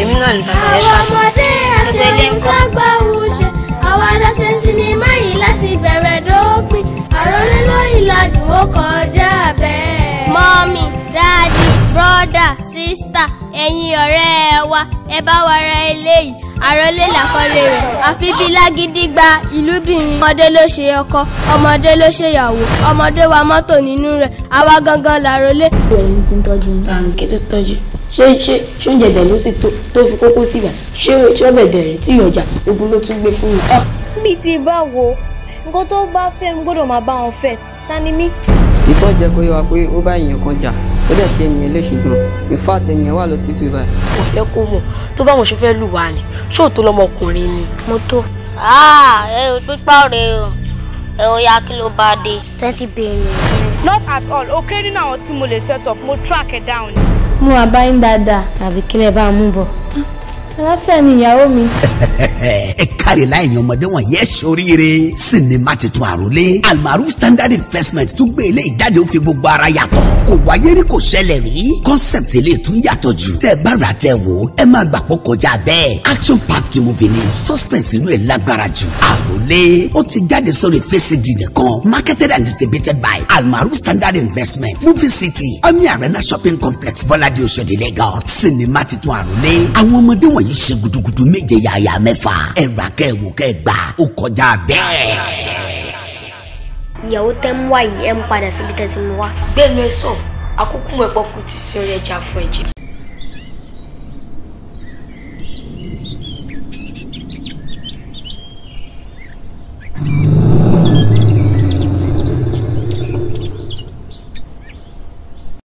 èmi náà ní bàbá ẹ ká sùn. àwọn ọmọdé àṣẹ ìṣàgbà òṣè àwa lọ́sẹ̀ sinimá yìí láti bẹ̀rẹ̀ dópin àròlé lóyìn mọ́mí dáàdì bọ́dà sísítà ẹ̀yin ọ̀rẹ́ wa ẹ bá wa ra eléyìí àròlé làkọlé rẹ̀ àfi bí lágídígba ìlúbìnrin ọmọdé ló ṣe ọkọ ọmọdé ló ṣe ìyàwó ọmọdé wa mọ́tò nínú rẹ̀ àwa gangan làròlé. ìwé ti ń tọ́jú. báńkì tó tọ́jú ṣé ṣé ṣóúnjẹ dẹ̀ ló sì tó fi kókó síbà ṣé ṣé ọbẹ̀ dẹ̀ rẹ̀ tí ìyọ̀jà ogun ló tún gbé fún mi. mi ah! ti bá wo nǹkan tó bá fẹ́ mi gbọ́dọ̀ máa bá wọn fẹ́ ta ni mí. ìkọ́ jẹ́ kó yẹ wa pé ó bá èèyàn kan jà ó dẹ̀ ṣe ènìyàn léṣe gan in fact ènìyàn wà lọ́sibítù báyìí. kò mọ̀ tó bá wọn ṣe fẹ́ lù wá ni ṣóòtó lọmọkùnrin ni mọ́tò. Ah! ẹ ò pípa ọ̀rẹ́ o ẹ ò yá kí ló bá dé. twenty billion. not at all o kéré nínú àwọn tí mo lè set up mo track ẹ down mú wa bá yín dáadáa àbí kílẹ̀ bá mú bọ̀ aláfíà ni ìyàwó mi. ẹ káre láìyan ọmọdé wọn yẹ sóríire sinimá titun àròlé Almaroof Standard Investment tún gbé ilé ìjáde ó fi gbogbo ara yàtọ̀ kò wáyé rí kò ṣẹlẹ̀ rí concept ilé tún yàtọ̀ jù tẹ́ bá ra tẹ́ wò ẹ máa gbà pọ̀ kọjá bẹ́ẹ̀ action packed movie ni suspense inú ẹ̀ lágbára jù àròlé ó ti jáde sórí fcd nìkan marketed and distributed by almaru standard investment movie city omi arena shopping complex bọ́ládé oṣòdì lagos sinimá titun àròlé àwọn ọmọdé wọ̀nyí ṣe gudugudu méje yàyà mẹ́fà ẹ̀rà kẹ́ ẹ̀wò kẹ́ gbà ó kọjá bẹ́ẹ̀ ìyàwó tẹ́ ń wá yìí ẹ̀ ń padà síbi tẹ́ ti mú wá. gbẹ̀mí ẹ sọ àkókò mọ̀ ẹ̀pọ̀ kù ti sin ọ̀rẹ́ ẹja fún ẹ̀jẹ̀.